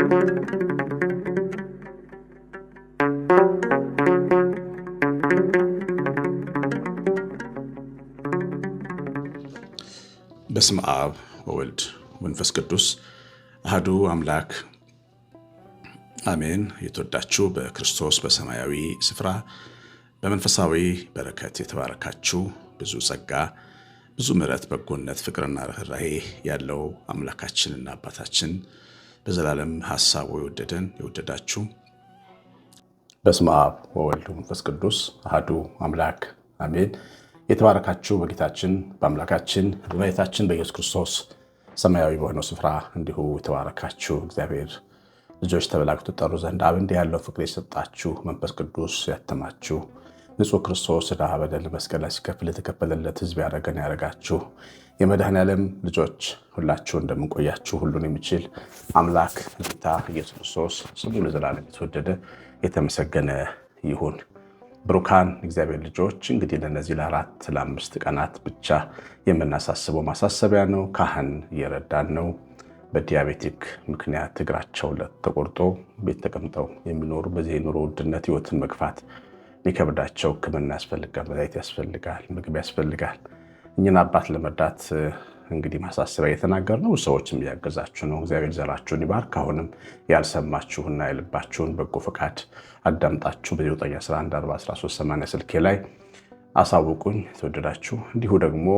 በስም አብ ወወልድ መንፈስ ቅዱስ አህዱ አምላክ አሜን። የተወዳችሁ በክርስቶስ በሰማያዊ ስፍራ በመንፈሳዊ በረከት የተባረካችሁ ብዙ ጸጋ ብዙ ምሕረት፣ በጎነት፣ ፍቅርና ርኅራሄ ያለው አምላካችንና አባታችን በዘላለም ሀሳቡ የወደደን የወደዳችሁ በስመ አብ ወወልድ መንፈስ ቅዱስ አህዱ አምላክ አሜን። የተባረካችሁ በጌታችን በአምላካችን በመድኃኒታችን በኢየሱስ ክርስቶስ ሰማያዊ በሆነው ስፍራ እንዲሁ የተባረካችሁ እግዚአብሔር ልጆች ተብላችሁ ትጠሩ ዘንድ አብ እንዲህ ያለው ፍቅር የሰጣችሁ መንፈስ ቅዱስ ያተማችሁ ንጹሕ ክርስቶስ ዕዳ በደል መስቀል ላይ ሲከፍል የተከፈለለት ህዝብ ያደረገን ያደረጋችሁ የመድኃኔዓለም ልጆች ሁላችሁ እንደምንቆያችሁ ሁሉን የሚችል አምላክ ጌታ ኢየሱስ ክርስቶስ ስሙ ለዘላለም የተወደደ የተመሰገነ ይሁን። ብሩካን እግዚአብሔር ልጆች እንግዲህ ለነዚህ ለአራት ለአምስት ቀናት ብቻ የምናሳስበው ማሳሰቢያ ነው። ካህን እየረዳን ነው። በዲያቤቲክ ምክንያት እግራቸው ተቆርጦ ቤት ተቀምጠው የሚኖሩ በዚህ የኑሮ ውድነት ህይወትን መግፋት ሊከብዳቸው ሕክምና ያስፈልጋል፣ መድኃኒት ያስፈልጋል፣ ምግብ ያስፈልጋል። እኝን አባት ለመርዳት እንግዲህ ማሳሰቢያ የተናገር ነው። ሰዎችም እያገዛችሁ ነው። እግዚአብሔር ዘራችሁን ይባርክ። አሁንም ያልሰማችሁና የልባችሁን በጎ ፈቃድ አዳምጣችሁ በ9114138 ስልኬ ላይ አሳውቁኝ። የተወደዳችሁ እንዲሁ ደግሞ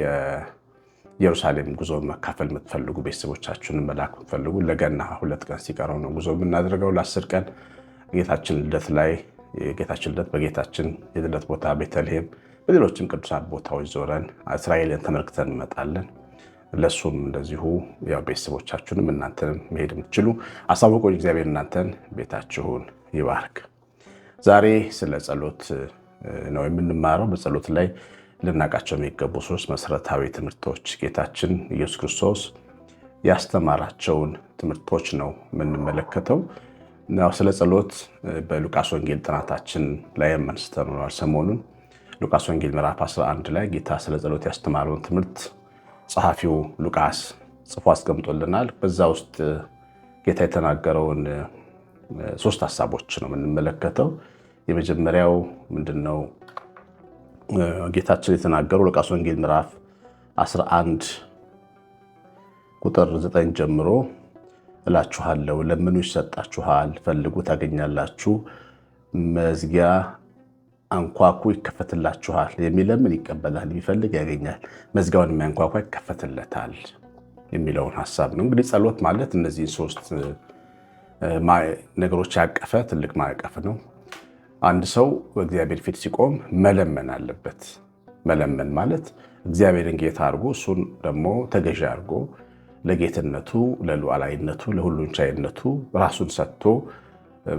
የኢየሩሳሌም ጉዞ መካፈል የምትፈልጉ ቤተሰቦቻችሁን መላክ የምትፈልጉ ለገና ሁለት ቀን ሲቀረው ነው ጉዞ የምናደርገው ለአስር ቀን ጌታችን ልደት ላይ የጌታችን ልደት በጌታችን የልደት ቦታ ቤተልሔም፣ በሌሎችም ቅዱሳት ቦታዎች ዞረን እስራኤልን ተመልክተን እንመጣለን። ለእሱም እንደዚሁ ቤተሰቦቻችሁንም እናንተንም መሄድ የምትችሉ አሳውቆኝ። እግዚአብሔር እናንተን ቤታችሁን ይባርክ። ዛሬ ስለ ጸሎት ነው የምንማረው። በጸሎት ላይ ልናውቃቸው የሚገቡ ሶስት መሰረታዊ ትምህርቶች ጌታችን ኢየሱስ ክርስቶስ ያስተማራቸውን ትምህርቶች ነው የምንመለከተው። ያው ስለ ጸሎት በሉቃስ ወንጌል ጥናታችን ላይ አንስተነዋል። ሰሞኑን ሉቃስ ወንጌል ምዕራፍ 11 ላይ ጌታ ስለ ጸሎት ያስተማረውን ትምህርት ጸሐፊው ሉቃስ ጽፎ አስቀምጦልናል። በዛ ውስጥ ጌታ የተናገረውን ሶስት ሀሳቦች ነው የምንመለከተው። የመጀመሪያው ምንድን ነው? ጌታችን የተናገረው ሉቃስ ወንጌል ምዕራፍ 11 ቁጥር 9 ጀምሮ እላችኋለሁ። ለምኑ ይሰጣችኋል፣ ፈልጉ ታገኛላችሁ፣ መዝጊያ አንኳኩ ይከፈትላችኋል። የሚለምን ይቀበላል፣ የሚፈልግ ያገኛል፣ መዝጊያውን የሚያንኳኳ ይከፈትለታል የሚለውን ሀሳብ ነው። እንግዲህ ጸሎት ማለት እነዚህን ሶስት ነገሮች ያቀፈ ትልቅ ማዕቀፍ ነው። አንድ ሰው በእግዚአብሔር ፊት ሲቆም መለመን አለበት። መለመን ማለት እግዚአብሔርን ጌታ አድርጎ እሱን ደግሞ ተገዢ አድርጎ ለጌትነቱ፣ ለሉዓላዊነቱ፣ ለሁሉን ቻይነቱ ራሱን ሰጥቶ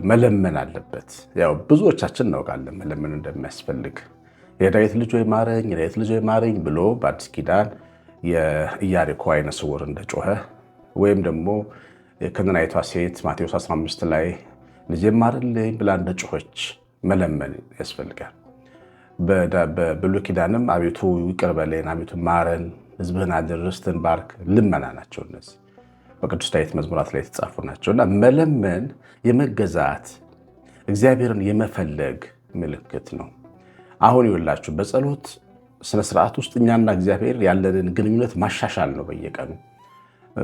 መለመን አለበት። ያው ብዙዎቻችን እናውቃለን መለመን እንደሚያስፈልግ። የዳዊት ልጅ ወይ ማረኝ፣ የዳዊት ልጅ ወይ ማረኝ ብሎ በአዲስ ኪዳን የኢያሪኮ አይነ ስውር እንደጮኸ ወይም ደግሞ የከነናይቷ ሴት ማቴዎስ 15 ላይ ልጄ ማርልኝ ብላ እንደ ጮኸች መለመን ያስፈልጋል። በብሉይ ኪዳንም አቤቱ ይቅር በለን፣ አቤቱ ማረን ህዝብህን አድን፣ ርስትህን ባርክ፣ ልመና ናቸው። እነዚህ በቅዱስ ዳዊት መዝሙራት ላይ የተጻፉ ናቸው እና መለመን የመገዛት እግዚአብሔርን የመፈለግ ምልክት ነው። አሁን ይውላችሁ በጸሎት ስነስርዓት ውስጥ እኛና እግዚአብሔር ያለንን ግንኙነት ማሻሻል ነው። በየቀኑ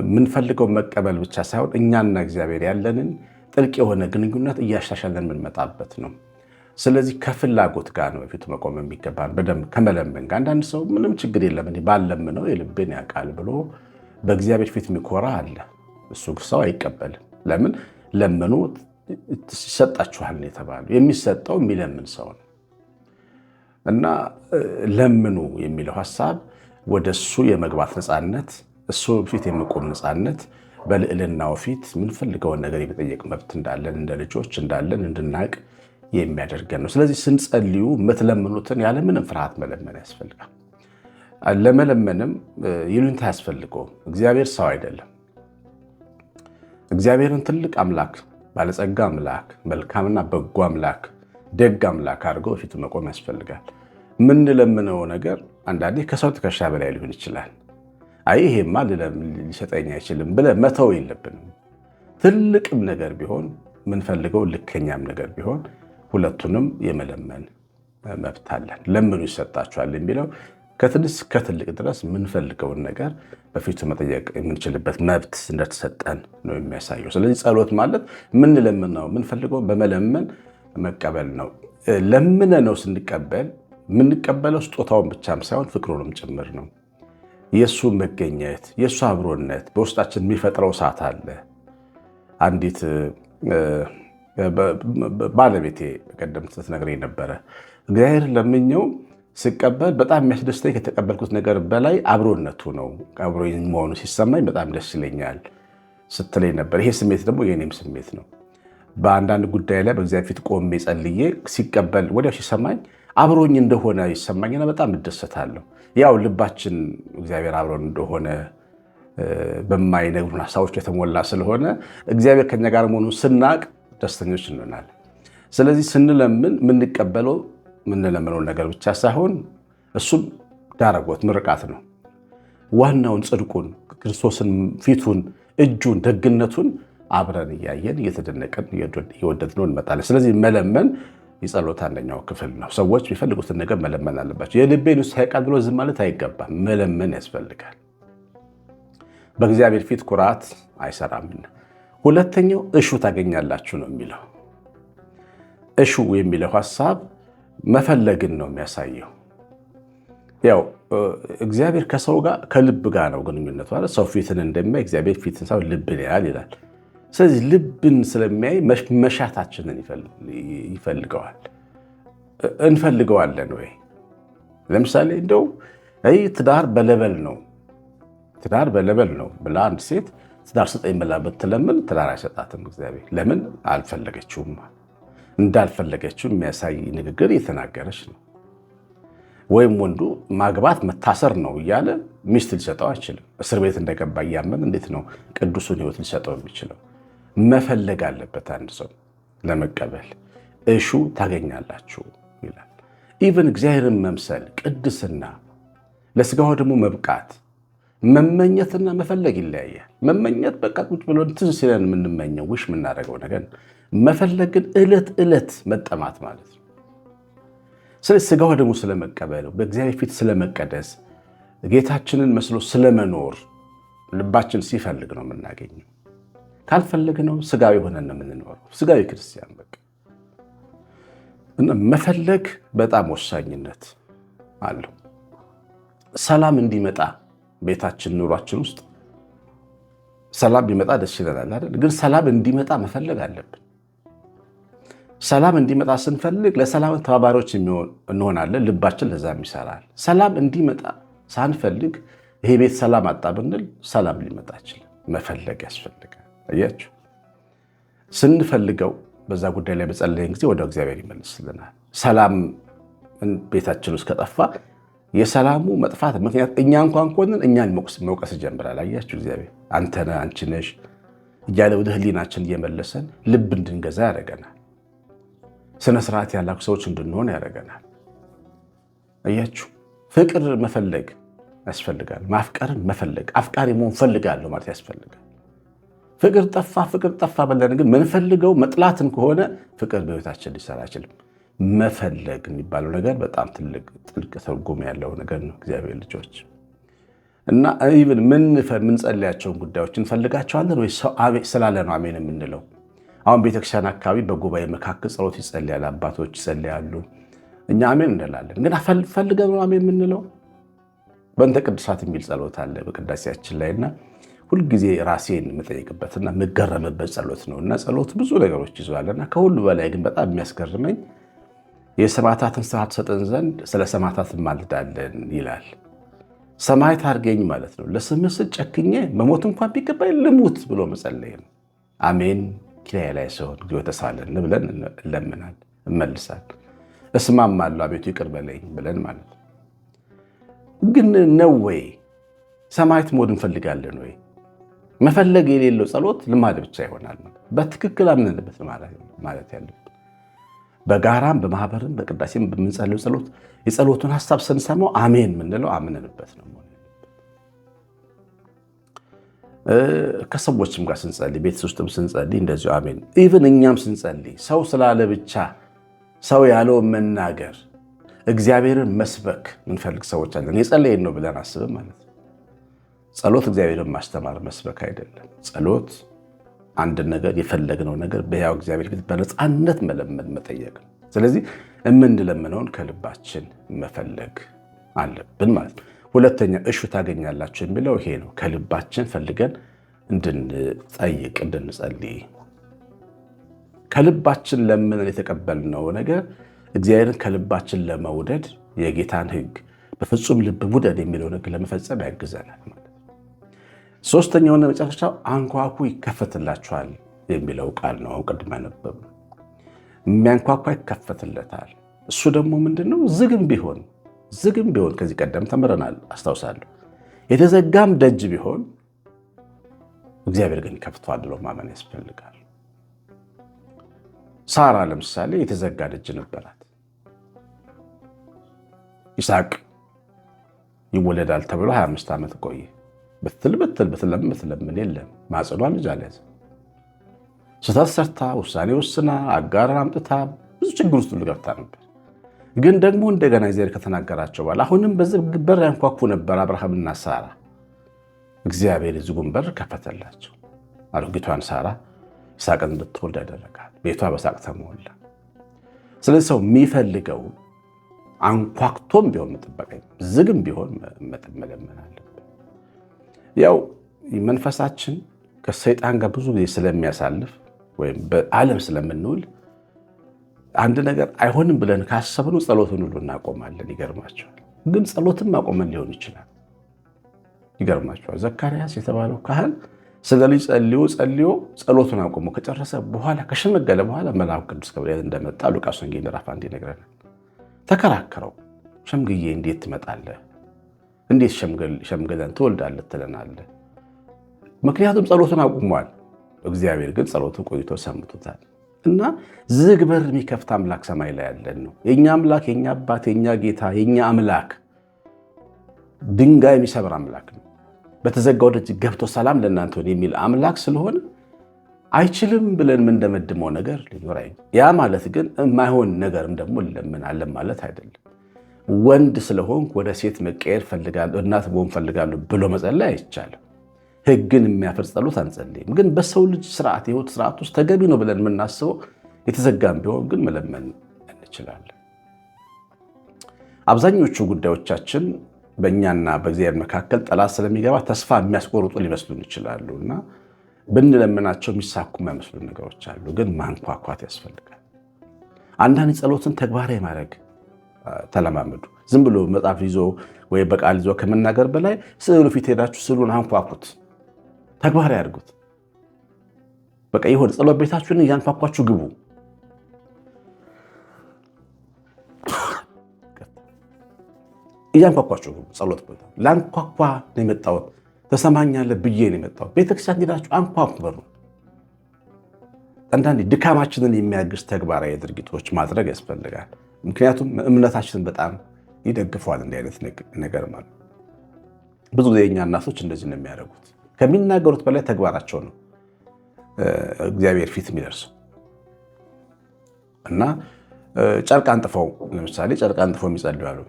የምንፈልገው መቀበል ብቻ ሳይሆን እኛና እግዚአብሔር ያለንን ጥልቅ የሆነ ግንኙነት እያሻሻለን የምንመጣበት ነው። ስለዚህ ከፍላጎት ጋር ነው በፊቱ መቆም የሚገባን በደንብ ከመለመን ጋር። አንዳንድ ሰው ምንም ችግር የለም እኔ ባለምነው የልብን ያውቃል ብሎ በእግዚአብሔር ፊት የሚኮራ አለ። እሱ ሰው አይቀበልም። ለምን ለምኑ ይሰጣችኋል ነው የተባለው። የሚሰጠው የሚለምን ሰው ነው እና ለምኑ የሚለው ሀሳብ ወደ እሱ የመግባት ነፃነት፣ እሱ ፊት የመቆም ነፃነት፣ በልዕልናው ፊት የምንፈልገውን ነገር የመጠየቅ መብት እንዳለን እንደ ልጆች እንዳለን እንድናቅ የሚያደርገን ነው። ስለዚህ ስንጸልዩ የምትለምኑትን ያለምንም ፍርሃት መለመን ያስፈልጋል። ለመለመንም ይሉኝታ ያስፈልገውም እግዚአብሔር ሰው አይደለም። እግዚአብሔርን ትልቅ አምላክ፣ ባለጸጋ አምላክ፣ መልካምና በጎ አምላክ፣ ደግ አምላክ አድርገ ፊቱ መቆም ያስፈልጋል። የምንለምነው ነገር አንዳንዴ ከሰው ትከሻ በላይ ሊሆን ይችላል። አይ ይሄማ ሊሰጠኝ አይችልም ብለህ መተው የለብንም። ትልቅም ነገር ቢሆን ምንፈልገው ልከኛም ነገር ቢሆን ሁለቱንም የመለመን መብት አለን። ለምኑ ይሰጣችኋል የሚለው ከትንሽ ከትልቅ ድረስ የምንፈልገውን ነገር በፊቱ መጠየቅ የምንችልበት መብት እንደተሰጠን ነው የሚያሳየው። ስለዚህ ጸሎት ማለት ምንለምን ነው፣ የምንፈልገው በመለመን መቀበል ነው። ለምነ ነው ስንቀበል የምንቀበለው ስጦታውን ብቻም ሳይሆን ፍቅሩንም ጭምር ነው። የእሱ መገኘት፣ የእሱ አብሮነት በውስጣችን የሚፈጥረው እሳት አለ። አንዲት ባለቤቴ በቀደም ስትነግረኝ ነበረ። እግዚአብሔር ለምኘው ስቀበል በጣም የሚያስደስተኝ ከተቀበልኩት ነገር በላይ አብሮነቱ ነው። አብሮ መሆኑ ሲሰማኝ በጣም ደስ ይለኛል ስትለኝ ነበር። ይሄ ስሜት ደግሞ የእኔም ስሜት ነው። በአንዳንድ ጉዳይ ላይ በእግዚአብሔር ፊት ቆሜ ጸልዬ ሲቀበል ወዲያው ሲሰማኝ አብሮኝ እንደሆነ ይሰማኝና በጣም እደሰታለሁ። ያው ልባችን እግዚአብሔር አብሮን እንደሆነ በማይነግሩን ሀሳቦች የተሞላ ስለሆነ እግዚአብሔር ከኛ ጋር መሆኑን ስናቅ ደስተኞች እንሆናለን። ስለዚህ ስንለምን የምንቀበለው የምንለምነውን ነገር ብቻ ሳይሆን እሱም ዳረጎት ምርቃት ነው። ዋናውን ጽድቁን፣ ክርስቶስን፣ ፊቱን፣ እጁን፣ ደግነቱን አብረን እያየን እየተደነቀን እየወደድነው እንመጣለን። ስለዚህ መለመን የጸሎት አንደኛው ክፍል ነው። ሰዎች የሚፈልጉትን ነገር መለመን አለባቸው። የልቤን ውስጥ ሳይቃል ብሎ ዝም ማለት አይገባም። መለመን ያስፈልጋል። በእግዚአብሔር ፊት ኩራት አይሰራምና ሁለተኛው እሹ ታገኛላችሁ ነው የሚለው። እሹ የሚለው ሀሳብ መፈለግን ነው የሚያሳየው። ያው እግዚአብሔር ከሰው ጋር ከልብ ጋር ነው ግንኙነቱ ማለት ሰው ፊትን እንደሚያይ እግዚአብሔር ፊትን ሰው ልብን ያያል ይላል። ስለዚህ ልብን ስለሚያይ መሻታችንን ይፈልገዋል እንፈልገዋለን ወይ ለምሳሌ እንደው ትዳር በለበል ነው ትዳር በለበል ነው ብላ አንድ ሴት ትዳር ስጠኝ ብላ ብትለምን ትዳር አይሰጣትም እግዚአብሔር። ለምን አልፈለገችውም። እንዳልፈለገችው የሚያሳይ ንግግር እየተናገረች ነው። ወይም ወንዱ ማግባት መታሰር ነው እያለ ሚስት ሊሰጠው አይችልም። እስር ቤት እንደገባ እያመን እንዴት ነው ቅዱሱን ህይወት ሊሰጠው የሚችለው? መፈለግ አለበት አንድ ሰው ለመቀበል። እሹ ታገኛላችሁ ይላል። ኢቨን እግዚአብሔርን መምሰል ቅድስና፣ ለስጋው ደግሞ መብቃት መመኘትና መፈለግ ይለያያል። መመኘት በቃ ቁጭ ብሎ እንትን ሲለን የምንመኘው ውሽ የምናደርገው ነገር፣ መፈለግ ግን እለት እለት መጠማት ማለት ነው። ስለዚህ ስጋ ደግሞ ስለመቀበል፣ በእግዚአብሔር ፊት ስለመቀደስ፣ ጌታችንን መስሎ ስለመኖር ልባችን ሲፈልግ ነው የምናገኘው። ካልፈለግነው ሥጋዊ ሆነን ነው የምንኖረው። ስጋዊ ክርስቲያን በቃ መፈለግ በጣም ወሳኝነት አለው። ሰላም እንዲመጣ ቤታችን ኑሯችን ውስጥ ሰላም ቢመጣ ደስ ይለናል አይደል? ግን ሰላም እንዲመጣ መፈለግ አለብን። ሰላም እንዲመጣ ስንፈልግ ለሰላም ተባባሪዎች እንሆናለን። ልባችን ለዛም ይሰራል። ሰላም እንዲመጣ ሳንፈልግ ይሄ ቤት ሰላም አጣ ብንል ሰላም ሊመጣ ይችላል። መፈለግ ያስፈልጋል። አያችሁ፣ ስንፈልገው በዛ ጉዳይ ላይ በጸለይን ጊዜ ወደ እግዚአብሔር ይመልስልናል። ሰላም ቤታችን ውስጥ ከጠፋ የሰላሙ መጥፋት ምክንያት እኛ እንኳን ኮንን እኛን መውቀስ ጀምራል አያችሁ እግዚአብሔር አንተነ አንቺ ነሽ እያለ ወደ ህሊናችን እየመለሰን ልብ እንድንገዛ ያደርገናል። ስነ ስርዓት ያላችሁ ሰዎች እንድንሆን ያደርገናል። አያችሁ ፍቅር መፈለግ ያስፈልጋል። ማፍቀርን መፈለግ አፍቃሪ መሆን ፈልጋለሁ ማለት ያስፈልጋል። ፍቅር ጠፋ ፍቅር ጠፋ ብለን ግን ምንፈልገው መጥላትን ከሆነ ፍቅር በህይወታችን ሊሰራ አይችልም። መፈለግ የሚባለው ነገር በጣም ትልቅ ጥልቅ ትርጉም ያለው ነገር ነው። እግዚአብሔር ልጆች እና ኢቭን ምንጸልያቸውን ጉዳዮች እንፈልጋቸዋለን ወይ? ስላለ ነው አሜን የምንለው። አሁን ቤተክርስቲያን አካባቢ በጉባኤ መካከል ጸሎት ይጸልያል፣ አባቶች ይጸልያሉ፣ እኛ አሜን እንላለን። ግን ፈልገን ነው አሜን የምንለው? በእንተ ቅዱሳት የሚል ጸሎት አለ በቅዳሴያችን ላይ እና ሁልጊዜ ራሴን የምጠይቅበትና የምገረምበት ጸሎት ነው እና ጸሎት ብዙ ነገሮች እና ከሁሉ በላይ ግን በጣም የሚያስገርመኝ የሰማዕታትን ስራ ትሰጠን ዘንድ ስለ ሰማዕታት እንማልዳለን ይላል። ሰማዕት አድርገኝ ማለት ነው። ለስምህ ስል ጨክኜ መሞት እንኳን ቢገባኝ ልሙት ብሎ መጸለይ ነው። አሜን ኪራዬ ላይ ሲሆን ተሳለን ብለን እንለምናል፣ እመልሳል እስማማለሁ፣ አቤቱ ይቅር በለኝ ብለን ማለት ነው። ግን ነው ወይ ሰማዕት መሆን እንፈልጋለን ወይ? መፈለግ የሌለው ጸሎት ልማድ ብቻ ይሆናል። በትክክል አምነንበት ማለት ያለ በጋራም በማህበርም በቅዳሴም በምንጸልዩ ጸሎት የጸሎቱን ሀሳብ ስንሰማው አሜን ምንለው አምነንበት ነው። ከሰዎችም ጋር ስንጸልይ ቤት ውስጥም ስንጸልይ እንደዚሁ አሜን። ኢቨን እኛም ስንጸልይ ሰው ስላለ ብቻ ሰው ያለውን መናገር እግዚአብሔርን መስበክ ምንፈልግ ሰዎች አለን። የጸለይን ነው ብለን አስብም ማለት ነው። ጸሎት እግዚአብሔርን ማስተማር መስበክ አይደለም። ጸሎት አንድ ነገር የፈለግነው ነገር በሕያው እግዚአብሔር ፊት በነፃነት መለመን መጠየቅ ስለዚህ የምንለምነውን ከልባችን መፈለግ አለብን ማለት ነው። ሁለተኛ እሹ ታገኛላችሁ የሚለው ይሄ ነው። ከልባችን ፈልገን እንድንጠይቅ እንድንጸልይ ከልባችን ለምንን የተቀበልነው ነገር እግዚአብሔርን ከልባችን ለመውደድ የጌታን ሕግ በፍጹም ልብ ውደድ የሚለው ነገር ለመፈጸም ያግዘናል። ሶስተኛውና መጨረሻው አንኳኩ ይከፈትላቸዋል የሚለው ቃል ነው። አሁን ቅድም ያነበብ የሚያንኳኳ ይከፈትለታል። እሱ ደግሞ ምንድን ነው? ዝግም ቢሆን ዝግም ቢሆን ከዚህ ቀደም ተምረናል አስታውሳለሁ። የተዘጋም ደጅ ቢሆን እግዚአብሔር ግን ይከፍተዋል ብሎ ማመን ያስፈልጋል። ሳራ ለምሳሌ የተዘጋ ደጅ ነበራት። ይስሐቅ ይወለዳል ተብሎ 25 ዓመት ቆየ። ብትል ብትል ብትለምን ብትለምን የለም። ማጽኗን ልጅ አልያዘ። ስህተት ሰርታ ውሳኔ ወስና አጋርን አምጥታ ብዙ ችግር ውስጥ ሁሉ ገብታ ነበር። ግን ደግሞ እንደገና እግዚአብሔር ከተናገራቸው በኋላ አሁንም በዚህ በር ያንኳኩ ነበር አብርሃምና ሳራ። እግዚአብሔር የዝጉን በር ከፈተላቸው። አሮጊቷን ሳራ ይስሐቅን እንድትወልድ ያደረጋል። ቤቷ በሳቅ ተሞላ። ስለዚህ ሰው የሚፈልገው አንኳክቶም ቢሆን መጠበቅ፣ ዝግም ቢሆን መለመናል። ያው መንፈሳችን ከሰይጣን ጋር ብዙ ጊዜ ስለሚያሳልፍ ወይም በዓለም ስለምንውል አንድ ነገር አይሆንም ብለን ካሰብነው ጸሎትን ሁሉ እናቆማለን። ይገርማቸዋል። ግን ጸሎትም ማቆመን ሊሆን ይችላል። ይገርማቸዋል። ዘካርያስ የተባለው ካህን ስለ ልጅ ጸልዮ ጸልዮ ጸሎቱን አቆሞ ከጨረሰ በኋላ ከሸመገለ በኋላ መልአኩ ቅዱስ ገብርኤል እንደመጣ ሉቃስ ወንጌል ምዕራፍ አንድ ይነግረናል። ተከራከረው፣ ሸምግዬ እንዴት ትመጣለህ እንዴት ሸምገለን ትወልዳለህ ትለናለህ? ምክንያቱም ጸሎትን አቁሟል። እግዚአብሔር ግን ጸሎቱ ቆይቶ ሰምቶታል። እና ዝግ በር የሚከፍት አምላክ ሰማይ ላይ ያለን ነው። የእኛ አምላክ የእኛ አባት የእኛ ጌታ የእኛ አምላክ ድንጋይ የሚሰብር አምላክ ነው። በተዘጋው ደጅ ገብቶ ሰላም ለእናንተ የሚል አምላክ ስለሆነ አይችልም ብለን የምንደመድመው ነገር ሊኖር ያ ማለት ግን የማይሆን ነገርም ደግሞ እንለምናለን ማለት አይደለም። ወንድ ስለሆን ወደ ሴት መቀየር ፈልጋለሁ፣ እናት መሆን ፈልጋለሁ ብሎ መጸለይ አይቻልም። ህግን የሚያፈርስ ጸሎት አንጸልይም። ግን በሰው ልጅ ስርዓት የህይወት ስርዓት ውስጥ ተገቢ ነው ብለን የምናስበው የተዘጋም ቢሆን ግን መለመን እንችላለን። አብዛኞቹ ጉዳዮቻችን በእኛና በእግዚአብሔር መካከል ጠላት ስለሚገባ ተስፋ የሚያስቆርጡ ሊመስሉን ይችላሉ እና ብንለምናቸው የሚሳኩ የሚያመስሉን ነገሮች አሉ። ግን ማንኳኳት ያስፈልጋል። አንዳንድ ጸሎትን ተግባራዊ ማድረግ ተለማመዱ። ዝም ብሎ መጽሐፍ ይዞ ወይም በቃል ይዞ ከመናገር በላይ ስዕሉ ፊት ሄዳችሁ ስዕሉን አንኳኩት፣ ተግባራዊ አድርጉት። በቃ ይሆን ጸሎት ቤታችሁን እያንኳኳችሁ ግቡ። እያንኳኳችሁ ግቡ። ጸሎት ቦታ ለአንኳኳ ነው የመጣሁት ተሰማኛለህ ብዬ ነው የመጣሁት። ቤተክርስቲያን ሄዳችሁ አንኳኩ በሩ። አንዳንዴ ድካማችንን የሚያግዝ ተግባራዊ ድርጊቶች ማድረግ ያስፈልጋል። ምክንያቱም እምነታችንን በጣም ይደግፈዋል። እንዲህ አይነት ነገር ማለት ብዙ ጊዜ የኛ እናቶች እንደዚህ ነው የሚያደርጉት። ከሚናገሩት በላይ ተግባራቸው ነው እግዚአብሔር ፊት የሚደርሰው እና ጨርቅ አንጥፈው ለምሳሌ ጨርቅ አንጥፈው የሚጸልዩ አሉ።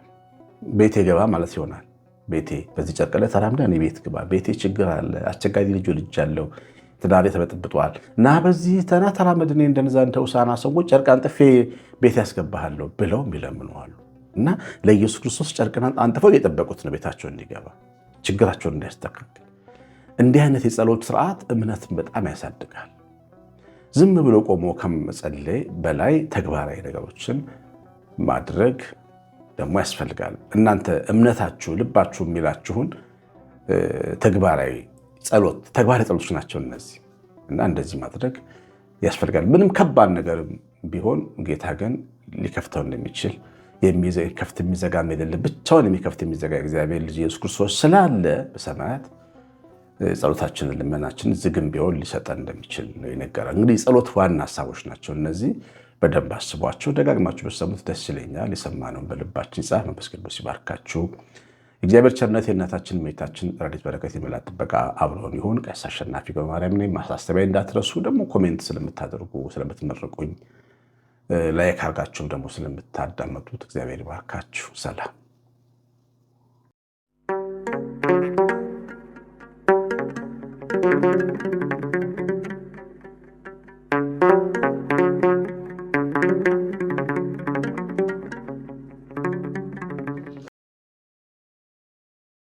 ቤቴ ገባ ማለት ይሆናል። ቤቴ በዚህ ጨርቅ ላይ ተራምዳ ቤት ግባ፣ ቤቴ ችግር አለ፣ አስቸጋሪ ልጆ ልጅ አለው ትዳሬ ተበጥብጠዋል እና በዚህ ተራ ተራመድ፣ እኔ እንደነዛ እንደ ሆሳዕና ሰዎች ጨርቃን ጥፌ ቤት ያስገባሃለሁ ብለው ይለምነዋሉ እና ለኢየሱስ ክርስቶስ ጨርቅና አንጥፈው የጠበቁት ነው ቤታቸው እንዲገባ ችግራቸውን እንዲያስተካክል። እንዲህ አይነት የጸሎት ስርዓት እምነትን በጣም ያሳድጋል። ዝም ብሎ ቆሞ ከመጸለይ በላይ ተግባራዊ ነገሮችን ማድረግ ደግሞ ያስፈልጋል። እናንተ እምነታችሁ ልባችሁ የሚላችሁን ተግባራዊ ጸሎት፣ ተግባር ጸሎቶች ናቸው እነዚህ እና እንደዚህ ማድረግ ያስፈልጋል። ምንም ከባድ ነገርም ቢሆን ጌታ ግን ሊከፍተው እንደሚችል ከፍት የሚዘጋ የሌለ ብቻውን የሚከፍት የሚዘጋ እግዚአብሔር ልጅ ኢየሱስ ክርስቶስ ስላለ በሰማያት ጸሎታችንን ልመናችን ዝግም ቢሆን ሊሰጠን እንደሚችል ነው ይነገራል። እንግዲህ ጸሎት ዋና ሀሳቦች ናቸው እነዚህ። በደንብ አስቧቸው። ደጋግማችሁ በሰሙት ደስ ይለኛል። የሰማነውን በልባችን ጻፍ። መንፈስ ቅዱስ ይባርካችሁ። እግዚአብሔር ቸርነት የእናታችን ሜታችን ረድኤት በረከት የመላ ጥበቃ አብረውን ይሁን። ቀሲስ አሸናፊ በማርያም ነኝ። ማሳሰቢያ እንዳትረሱ። ደግሞ ኮሜንት ስለምታደርጉ ስለምትመርቁኝ፣ ላይክ አርጋችሁም ደግሞ ስለምታዳመጡት እግዚአብሔር ይባርካችሁ። ሰላም